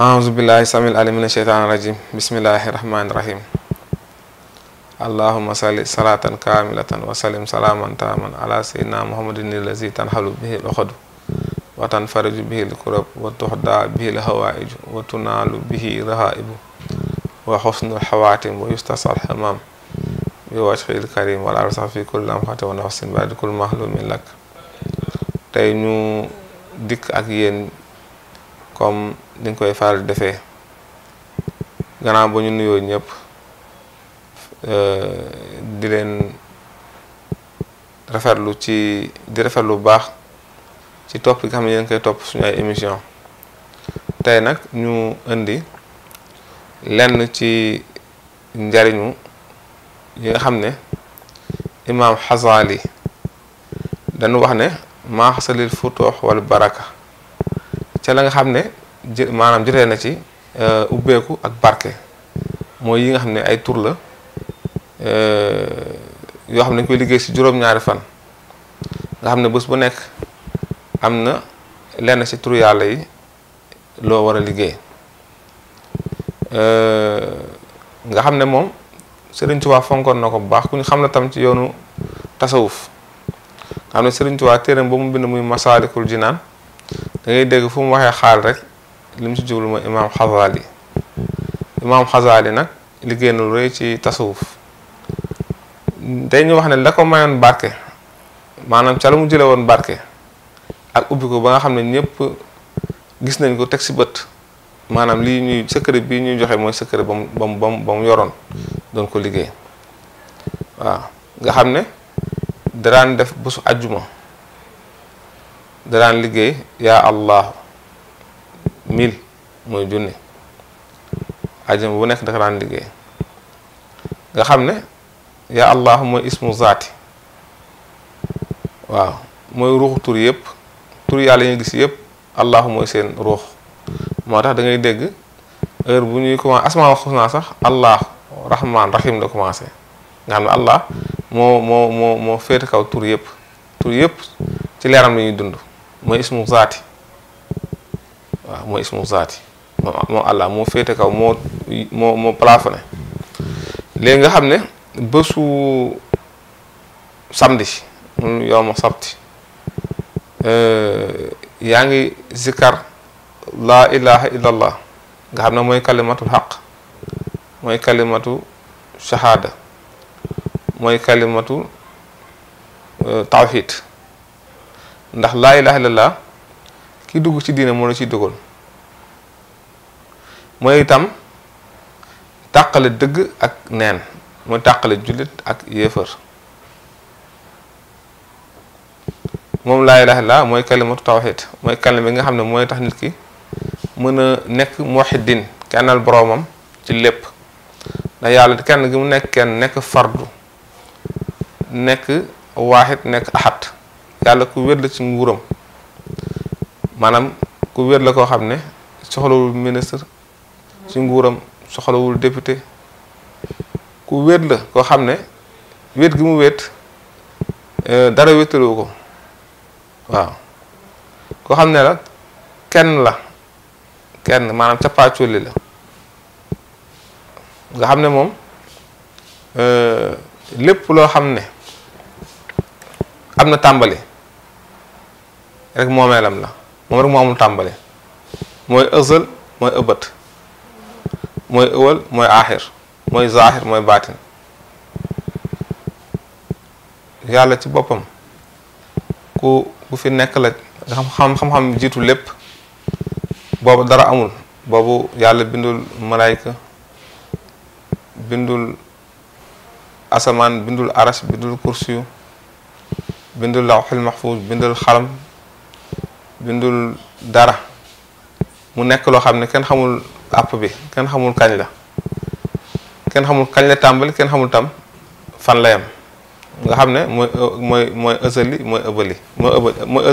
أعوذ بالله السميع العليم من الشيطان الرجيم بسم الله الرحمن الرحيم اللهم صل صلاة كاملة وسلم سلاما تاما على سيدنا محمد الذي تنحل به الأخد وتنفرج به الكرب وتهدى به الهوائج وتنال به رهائب وحسن الحواتم ويستصى الحمام بوجه الكريم والأرزاق في كل لمحة ونفس بعد كل مهلوم لك تينو ñu أكيين comme ni nga koy faral defee gannaaw ba ñu nuyoo ñëpp euh, di leen rafetlu ci di rafetlu lu baax ci topp gi nga xam ne yéen koy topp suñu ay émission tey nag ñu indi lenn ci njariñu yi nga xam ne imaam Xasaali dañu wax ne maaxasalil futuux wal baraka la nga xam ne jë maanaam jotee na ci euh, ubbeeku ak barke mooy yi nga xam ne ay tur la euh, yoo xam ne dañ koy liggéey si juróom fan nga xam ne bés bu nekk am na lenn ci tur yàlla yi loo war a liggéey euh, nga xam ne moom Serigne Touba fonkoon na ko bu baax ku ñu xam na tam ci yoonu tasawuf nga xam ne Serigne Touba téeram ba mu bind muy masaalikul naan da dégg fu mu waxee xaal rek li si ci jublu mooy imaam Xazaali imaam Xazaali nag liggéey na lu rëy ci tasawuf dañu wax ne la ko mayoon barke maanaam ca la mu jële woon barke ak ubbi ko ba nga xam ne ñëpp gis nañ ko teg si bët maanaam lii ñuy secret bii ñuy joxe mooy secret ba mu ba mu ba mu yoroon doon ko liggéey waaw nga xam ne daraan def bësu àjjuma. da daan liggéey yaa allah mil muy junni ajam bu nekk dafa daan liggéey nga xam ne yaa allah mooy ismu zaati waaw mooy ruuxu tur yëpp tur yàlla ñu gis yëpp allah mooy seen ruux moo tax dangay dégg heure bu ñuy commencé asmaa xusnaa sax allah rahman rahim la commencé nga xam ne allah moo moo moo moo féete kaw tur yëpp tur yëpp ci leeram la ñuy dund mooy ismu zaati waaw mooy ismu zaati moom moom Allah moo féete kaw moo moo moo léegi nga xam ne bésu samedi mun yow sabti euh, yaa ngi zikar laa ilaha illallah nga xam ne mooy kalimatu xaq mooy kalimatu shahada mooy kalimatu euh, tawhid ndax laa ilaha illallah ki dugg ci diine moo la ciy dugal mooy itam tàqale dëgg ak neen mooy tàqale jullit ak yéefar moom laa ilaha illallah mooy kalimatu tawxid mooy kalima bi nga xam ne mooy tax nit ki mën a nekk muwahidin kennal boroomam ci lépp ndax yàlla kenn gi mu nekk kenn nekk fardu nekk waaxit nekk axat yàlla ku wér la ci nguuram maanaam ku wér la koo xam ne soxlawul ministre ci nguuram soxlawul député ku wér la koo xam ne wéet gi mu wéet euh, dara wéetaloo ko waaw koo xam ne la kenn la kenn maanaam capaaculli la nga xam ne moom euh, lépp loo xam ne am na tàmbali rek momé lam la mom rek moo amul tàmbale moy eusel moy ëbbat moy ëwal moy aaxir moy zahir moy batin yàlla ci bopam ku ku fi nek la xam xam-xam xam jitu lépp bobu dara amul bobu yàlla bindul malaika bindul asaman bindul arash bindul kursiyu bindul lawhul mahfuz bindul xalam bindul dara mu nekk loo xam ne kenn xamul app bi kenn xamul kañ la kenn xamul kañ la tàmbali kenn xamul tam fan la yam nga xam ne mooy mooy mooy ësali mooy ëbali mooy ëba mooy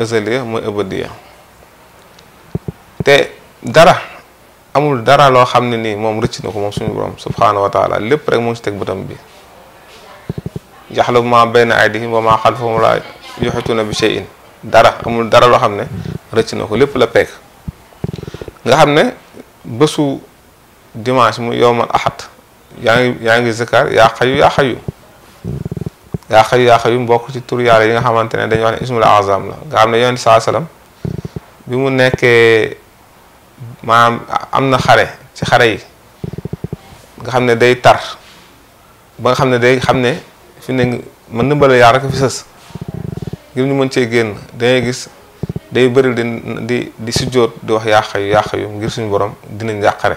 ësaliya mooy ëbadiya te dara amul dara loo xam ne nii moom rëcc na ko moom suñu borom subhaanahu lépp rek moo ci teg bëtam bi jaxlu ma bayna aydihim wa ma xalfahum la yuhituna bi in dara amul dara loo xam ne rëcc na ko lépp la peeg nga xam ne bésu dimanche mu yowmal axat yaa ngi yaa ngi zikar yaa xayu yaa xayu yaa xayu mbokk ci tur yàlla yi nga xamante ne dañuy wax ne ismul azam la nga xam ne yonent saa salaam bi mu nekkee maanaam am na xare ci xare yi nga xam ne day tar ba nga xam ne day xam ne fi ne mën na mbala yaa rek fi sës ngir ñu mën cee génn dangay gis day bëri di di di sujjóot di wax yàq yu yàq yu ngir suñu borom dinañ jàqare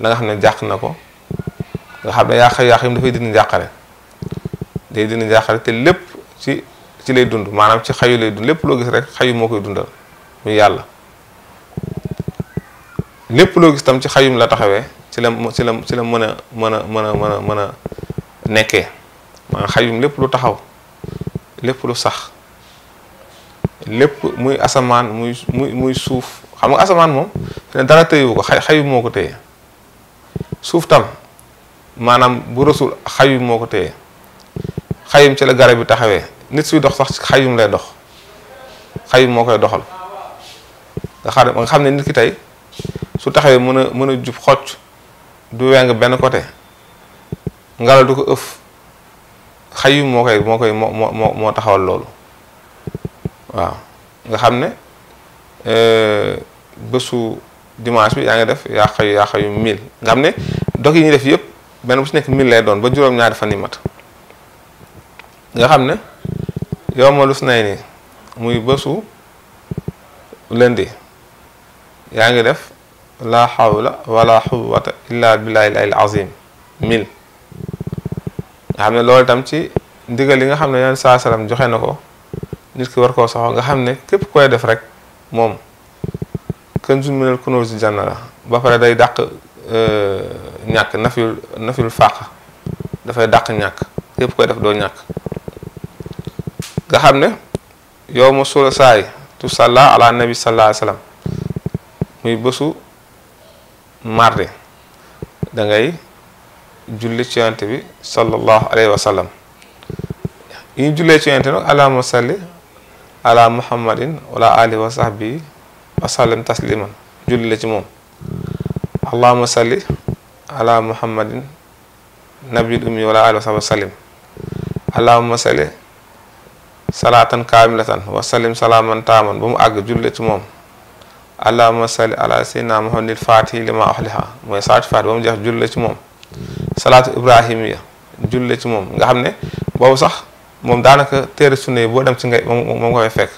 la xam ne jàq na ko nga xam ne yàq yu yàq yu dafay dina jàqare day dina jàqare te lépp ci ci lay dund maanaam ci xayu lay dund lépp loo gis rek xayu moo koy dundal muy yàlla lépp loo gis tam ci xayum la taxawee ci la ci la ci la mën a mën a mën a mën a mën a nekkee maanaam xayum lépp lu taxaw lépp lu sax lépp muy asamaan muy muy muy suuf xam nga asamaan moom ne dara tëyewu ko xay xayu moo ko téye suuf tam maanaam bu rasul xayu moo ko téye xayum ci la garab bi taxawee nit suy dox sax xayum lay dox xayum moo koy doxal nga xam xam ne nit ki tey su taxawee mën a mën a jub xocc du weng benn côté ngelaw du ko ëf xayum moo koy moo koy moo moo moo taxawal loolu waaw nga xam ne euh, bésu dimanche bi yaa ngi def yaa xëyu yaa xëyu mille nga xam ne dog yi ñuy def yëpp benn bu ci nekk mille lay doon ba juróom-ñaari fan nga xam ne yow ma lus nay nii muy bésu lundi yaa ngi def la hawla wala quwwata illa billahi al azim mille nga xam ne loolu tam ci ndigal li nga xam ne yoon saa joxe na ko nit ki war koo saxoo nga xam ne képp koy def rek moom kanzun minal kunuuzil janna la ba pare day dàq euh, ñàkk nafil nafil fàq dafay dàq ñàkk képp koy def doo ñàkk nga xam ne yow ma sula saay tu salla ala nabi sallallahu alayhi wasallam muy bésu wa sallam yi ñu jullee ci yonent ala muhammadin wala alihi wa sahbi wasallim tasliman julli la ci moom allahuma salli ala muhammadin nabil ummi wala alihi wa sahbi wasallim allahuma salli salaatan kaamilatan wasallim salaaman taaman ba mu àgg julli la ci moom allahuma salli ala sayyidina muhammadin fatihi lima uxliha mooy saati fatihi ba mu jeex julli la ci moom salaatu ibrahimiya julli la ci moom nga xam ne boobu sax moom daanaka téere sunna yi boo dem ci ngay moom nga koy fekk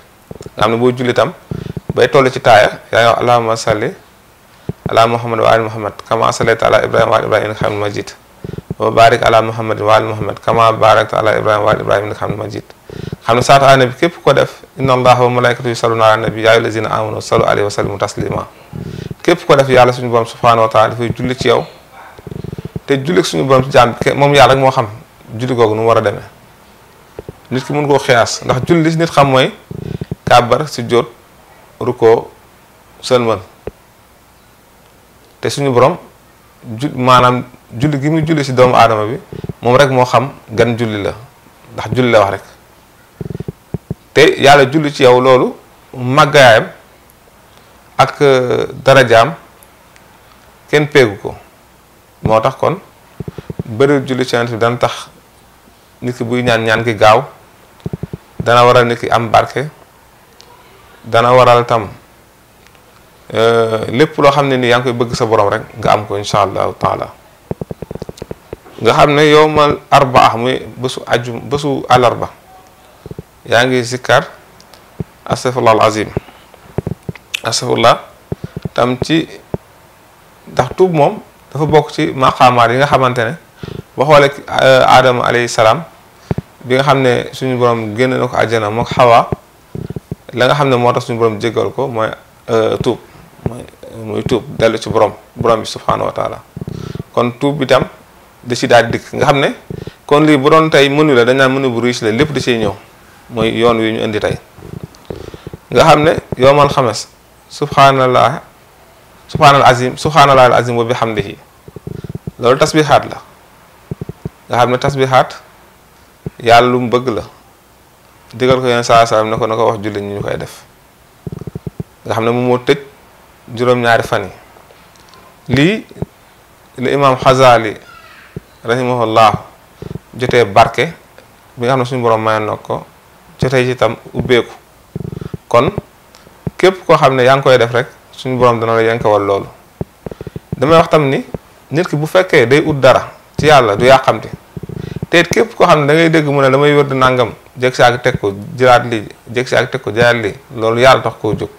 nga xam ne boo julli tam bay toll ci taaya yaa ngi wax allahumma salli ala muhammad wa ali muhammad kama sallayta ala ibrahima wa ali ibrahima innaka hamidun majid wa barik ala muhammad wa ali muhammad kama barakta ala ibrahima wa ali ibrahima innaka hamidun majid xam ne saatu ala nabi képp ko def inna allaha wa malaikatahu yusalluna ala nabi ya ayyuhallazina amanu sallu alayhi wa sallimu taslima képp ko def yàlla suñu borom subhanahu wa taala dafay julli ci yow te julli suñu borom ci jaam bi moom yàlla rek moo xam julli googu nu mu war a demee nit ki mën ko xiyass ndax julli nit xam moy kabar si jot ruko sëlmal te suñu borom jul manam julli gi muy julli si doomu adama bi mom rek mo xam gan julli la ndax julli la wax rek te yalla julli ci yow lolu magayam ak euh, darajam ken pegu ko motax kon beureu julli ci yonent tax nit ki buy ñaan ñaan gi gaaw dana waral nit ki am barke dana waral tam euh, lépp loo xam ne ni yaa ngi koy bëgg sa borom rek nga am ko incha allahu taala nga xam ne yow mal arbaa muy bésu ajum bésu àllarba yaa ngi zikkar astafurlah al azim astafurlah tam ci ndax tuub moom dafa bokk ci maqaamaat yi nga xamante ne boo xoolee aadama alayhi salaam bi nga xam ne suñu borom génn na ko àjjana mook xawa la nga xam ne moo tax suñu borom jéggal ko mooy tuub mooy muy tuub dellu ci borom borom bi subhanahu wa taala kon tuub bi tam da ci daal dikk nga xam ne kon lii bu doon tey mënu la dañ naan mënu bu riche la lépp da ciy ñëw mooy yoon wi ñu indi tey nga xam ne yowmal xames subhanallah subhanal azim subhanallah al azim wa bihamdihi loolu tasbixaat la nga xam ne tasbixaat yàlla lu mu bëgg la digal ko yéen saa salaam ne ko na ko wax jullit ñu ñu koy def nga xam ne moom moo tëj juróom-ñaari fan yi lii la imaam Xazaali rahimahullah jotee barke bi nga xam ne suñu borom mayoon na ko jotee ci itam ubbeeku kon képp koo xam ne yaa ngi koy def rek suñu borom dana la yenkewal loolu damay wax tam ni nit ki bu fekkee day ut dara ci yàlla du yàqamti te képp koo xam ne da ngay dégg mu ne damay wér di nangam jëg saak teg ko jëlaat lii jëg saak teg ko jëlaat lii loolu yàlla tax koo jóg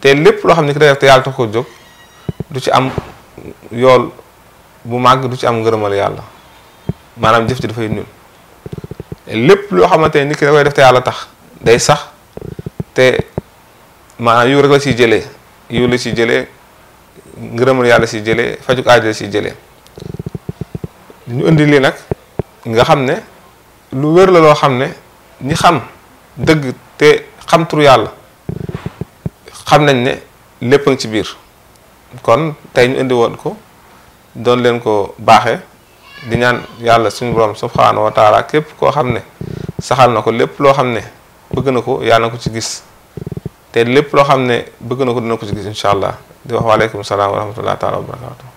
te lépp loo xam ne ki day koo jóg du ci am yool bu màgg du ci am ngërëmal yàlla maanaam jëf ci dafay nul lépp loo xamante ni nit ki da koy def te yàlla tax day sax te maanaam yiw rek la ciy jëlee yiw la ciy jële ngërëmal yàlla ciy jëlee fajuk aajo la ciy jëlee ñu indi lii nag nga xam ne lu wér la loo xam ne ñi xam dëgg te xam turu yàlla xam nañ ne lépp a ngi ci biir kon tey ñu indi woon ko doon leen ko baaxee di ñaan yàlla suñu borom subhaanahu wa taala képp koo xam ne saxal na ko lépp loo xam ne bëgg na ko yàlla na ko ci gis te lépp loo xam ne bëgg na ko dina ko ci gis incha allah di wax waaleykum salaam wa rahmatullahi taala